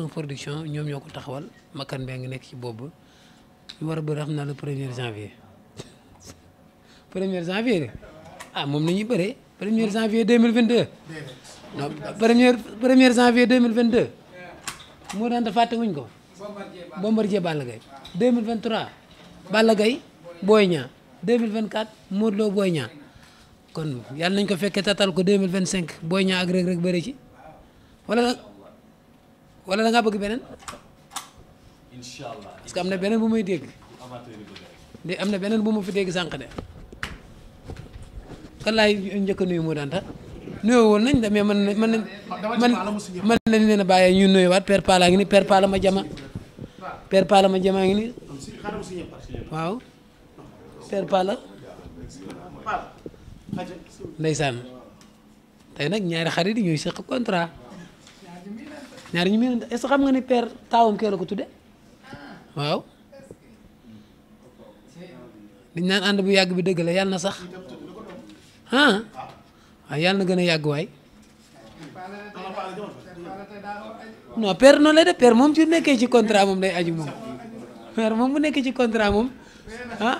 Sow production ñoom ñoo ko taxawal Makan Mbengue nekk ci boobu ñu war a bëri xam naa le premier janvier premier janvier a ah, moom la ñuy bëree premier janvier 2022 non premier premier janvier vingt moo daan da fàtte wuñ ko Bombardier Balla Gaye 2023 Balla Gaye Boy Niang 2024 Modou Lo Boy Niang kon yàlla nañ ko fekkee tatal ko 2025 vingt cinq ak Reug Reug bëri ci wala da ngaa bëgg beneen. incha allah parce que am na beneen bu may dégg. de am na beneen bu ma fi dégg sànq de. kan laay njëkk a nuyu mu danta nuyoo woon nañ mais man man man man nañ leen a bàyyee ñu nuyuwaat Père Pala ngi ni Père Pala ma jama Père Pala ma jama ngi ni waaw Père Pala ndeysaan tey nag ñaari xarit yi ñuy seq contrat ñaar ñu miinante est-ce que xam nga ni père taawam kee la ko tudde waaw liñ naan ànd bu yàgg bi dëgg la yàlla na sax ah waaw na gën a yàgg waay non père noonu lay def père moom ci nekkee ci contrat moom day aju moom père moom bu nekkee ci contra moom ah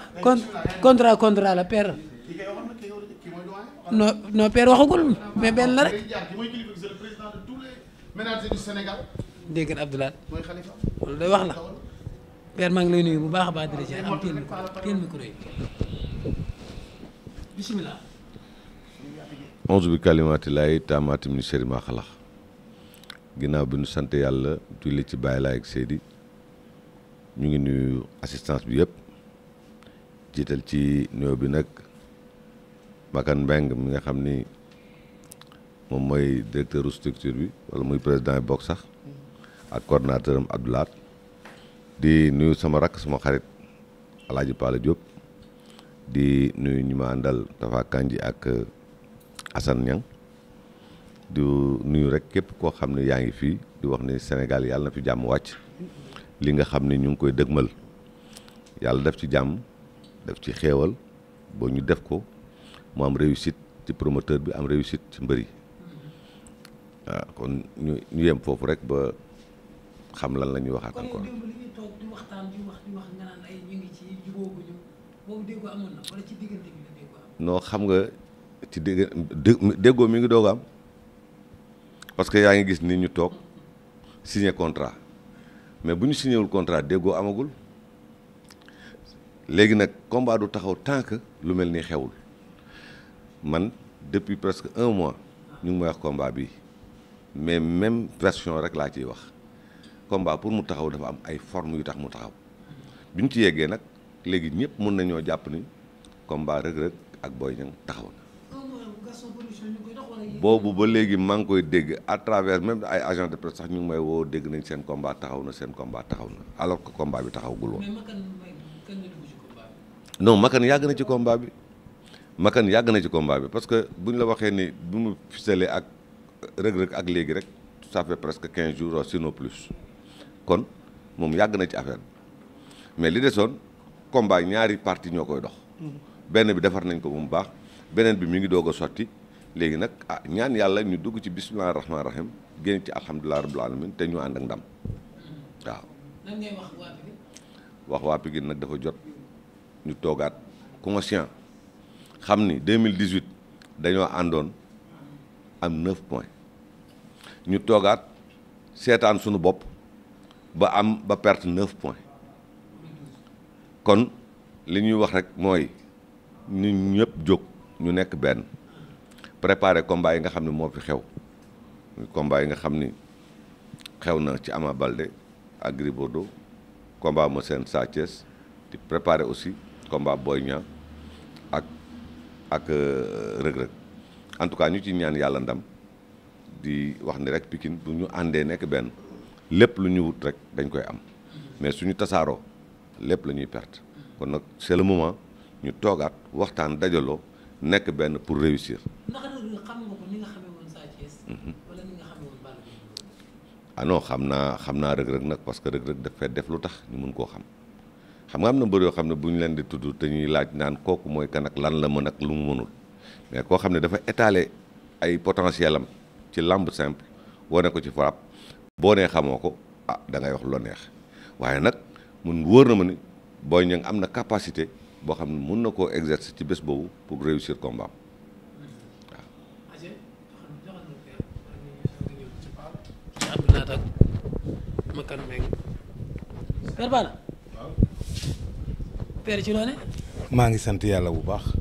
contra la père non non père waxagul mais rek ménager du Sénégal. dégg wax la. père maa ngi lay nuyu bu baax a baax di la jaar am teel micro teel micro onze bi kalimaati laay taamaati min maa xalaq ginnaaw bi ñu sant yàlla julli ci Baay Laay ak Seydi ñu ngi nuyu assistance bi yëpp jiital ci nuyoo bi nag Makan Mbeng mi nga xam ni. moom mooy directeur structure bi wala muy président yi bokk sax ak coordonnateur am Abdoulaat di nuyu sama rakk sama xarit Alaaji Paala Diop di nuyu ñu ma àndal Tafa kànji ak euh, Assane Niang di nuyu rek képp koo xam ne yaa ngi fii di wax ne Sénégal yàlla na fi jàmm wàcc li nga xam ni ñu ngi koy dëgmal yàlla def ci jàmm def ci xéewal boo ñu def ko mu am réussite ci promoteur bi am réussite ci mbër waaw kon ñu yem foofu rek ba xam lan la ñuy kon li wax di wax xam nga ci dégg déggoo mi ngi doog am parce que yaa ngi gis ni ñu toog signé contrat mais bu ñu signé contrat déggoo amagul léegi nag combat du taxaw tant que lu mel ni xewul man depuis presque un mois ñu ngi may wax combat bii. mais même version rek laa ciy wax combat pour mu taxaw dafa am ay forme yu tax mu taxaw bi ñu ci yeggee nag léegi ñëpp mën nañoo jàpp ni combat Reug Reug ak Boy Niang taxaw na. boobu ba léegi maa ngi koy dégg à travers même ay agent de presse sax ñu ngi may woo dégg nañ seen combat taxaw na seen combat taxaw na alors que combat bi taxaw woon. non Makan yàgg na ci combat bi Makan yàgg na ci komba bi parce que bu ñu la waxee ni bi mu fisalee ak. rëg-rëg ak léegi rek ça fait presque quinze jours oh, sinon plus kon moom yàgg na ci affaire bi mais li desoon combat ñaari parti ñoo koy dox benn bi defar nañ ko bu mu baax beneen bi mu ngi doog a sotti léegi nag ah ñaan yàlla ñu dugg ci bisimilah rahmaani rahim génn ci alhamdulilah rabbil alamin te ñu ànd ak ndam waaw. lan wax waa Pikine. nag dafa jot ñu toogaat conscient xam ni 2018 dañoo àndoon am neuf points ñu toogaat seetaan sunu bopp ba am ba perte neuf points kon li ñuy wax rek mooy ñu ñëpp jóg ñu nekk benn préparer combat yi nga xam ni moo fi xew combat yi nga xam ni xew na ci am a balde Gris Bordeaux combat mo seen Sa di préparer aussi combat Boy Niang ak ak euh, Reug Reug en tout cas ñu ci ñaan yàlla ndam di wax ni rek Pikine bu ñu àndee nekk benn lépp lu ñu wut rek dañ koy am mais suñu tasaaroo lépp la ñuy perte kon nag c'est le moment ñu toogaat waxtaan dajaloo nekk benn pour réussir. naka nga ah xam naa xam naa Reug Reug nag parce que Reug Reug daf fee def lu tax ñu mun koo xam xam nga am na mbër yoo xam ne bu ñu leen di tudd te ñuy laaj naan kooku mooy kan ak lan la mën ak lu mu mënul. mais koo xam ne dafa étale ay potentiel am ci lamb simple wone ko ci frappe boo nee xamoo ko ah da ngay wax lu neex waaye nag mun wóor na ma ni Boy Niang am na capacité boo xam ne mun na koo exercer ci bés boobu pour réussir combat makan meeg maa ngi sant yàlla bu baax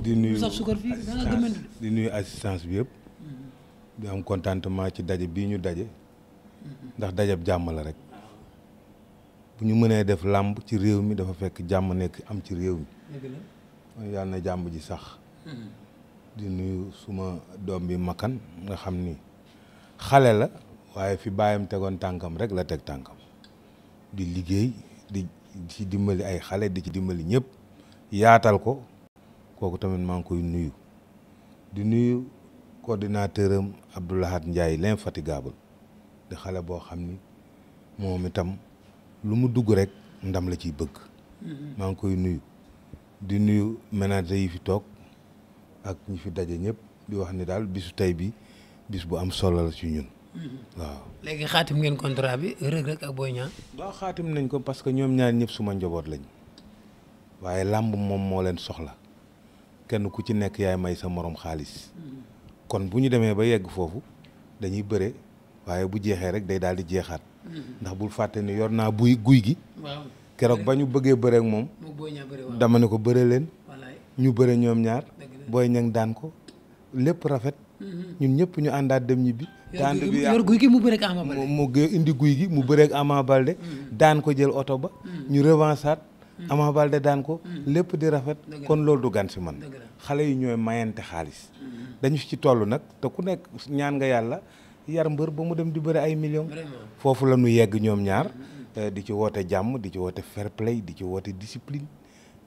di nuyu assistance bi yëpp. di am contentement ci daje bii ñu daje. ndax dajab jàmm la rek. bu ñu mënee def làmb ci réew mi dafa fekk jàmm nekk am ci réew mi. yàlla na jàmm ji sax. Hmm. di nuyu suma doom bi Makan nga xam ni xale la waaye fi baayam tegoon tànkam rek la teg tànkam. di liggéey di ci dimbali ay xale di ci dimbali ñëpp. yaatal ko kooku tamit maa ngi koy nuyu di nuyu coordinateur am njaay Ndiaye l'infatigable di xale boo xam ni moom itam lu mu dugg rek ndam la ciy bëgg mm-hmm. maa ngi koy nuyu di nuyu ménager yi fi toog ak ñi fi daje ñëpp di wax ni daal bisu tey bi bis bu am solo la ci ñun mm-hmm. waaw léegi xaatim ngeen contrat bi Reug Reug ak Boy Niang waaw xaatim nañ ko parce que ñoom ñaar ñëpp suma njaboot lañ waaye làmb moom moo leen soxla kenn ku ci nekk yaay may sa moroom xaalis kon bu ñu demee ba yegg foofu dañuy bëre waaye bu jeexee rek day daal di jeexaat ndax bul fàtte ni yor naa buy guy gi keroog ba ñu bëggee bëre ak moom dama ne ko bëre leen ñu bëre ñoom ñaar booy ñang daan ko lépp rafet mm-hmm. ñun ñëpp ñu àndaat dem ñibbi daan bi yor guy gi mu bëre ak Ama mm-hmm. daan ko jël oto ba mm-hmm. ñu revanchaat Mm. Ama Baldé daan ko mm. lépp di rafet kon loolu du gan si man xale yi ñooy mayante xaalis mm. dañu ci toll nag te ku nekk ñaan nga yàlla yar mbër ba mu dem di bëri ay millions foofu la ñu yegg ñoom ñaar eh, di ci woote jàmm di ci woote fair play di ci woote discipline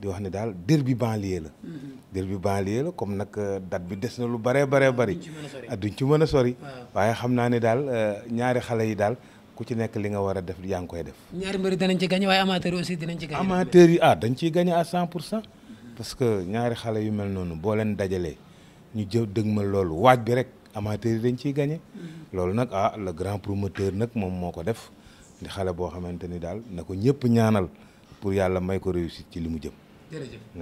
di wax ne daal derby banlieue la. derby banlieue la comme nag euh, date bi des na lu bëree bëree ah, bëri. duñ ci mën a sori. Ah, waaye xam naa ne daal euh, ñaari xale yi daal. ku ci nekk li nga war a def yaa ngi koy def. ñaari mbir danañ ci gagné waaye amateur aussi dinañ ci gagné. amateur yi ah, dañ ciy gagné à 100 pour cent parce que ñaari xale yu mel noonu boo leen dajalee ñu jëw dëgmal loolu waaj bi rek amateur yi dañ ciy gañe mm-hmm. loolu nag ah le grand promoteur nag moom moo ko def di xale boo xamante ni daal na ko ñëpp ñaanal pour yàlla may ko réussite ci li mu jëm. jërëjëf.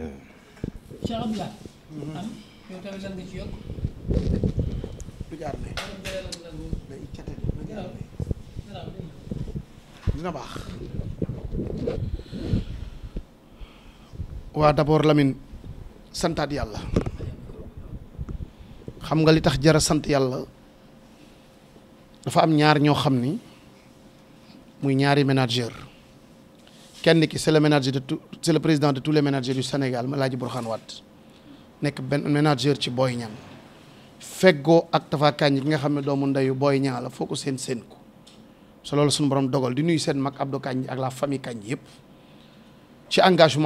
dina baax waa d'abord Lamine santaat yàlla xam nga li tax jara sant yàlla dafa am ñaar ñoo xam ni muy ñaari manager kenn ki c'est le manager de tout c'est le président de tous les managers du Sénégal Alaaji Burkhane Wade nekk benn manager ci Boy Niang feggoo ak Tapha Kandji ki nga xam ne doomu ndeyu Boy ñaa la foo ko seen seen ko so loolu suñu borom dogal di nuyu seen mag Abdou Kañ ak la famille Kañ yëpp ci engagement.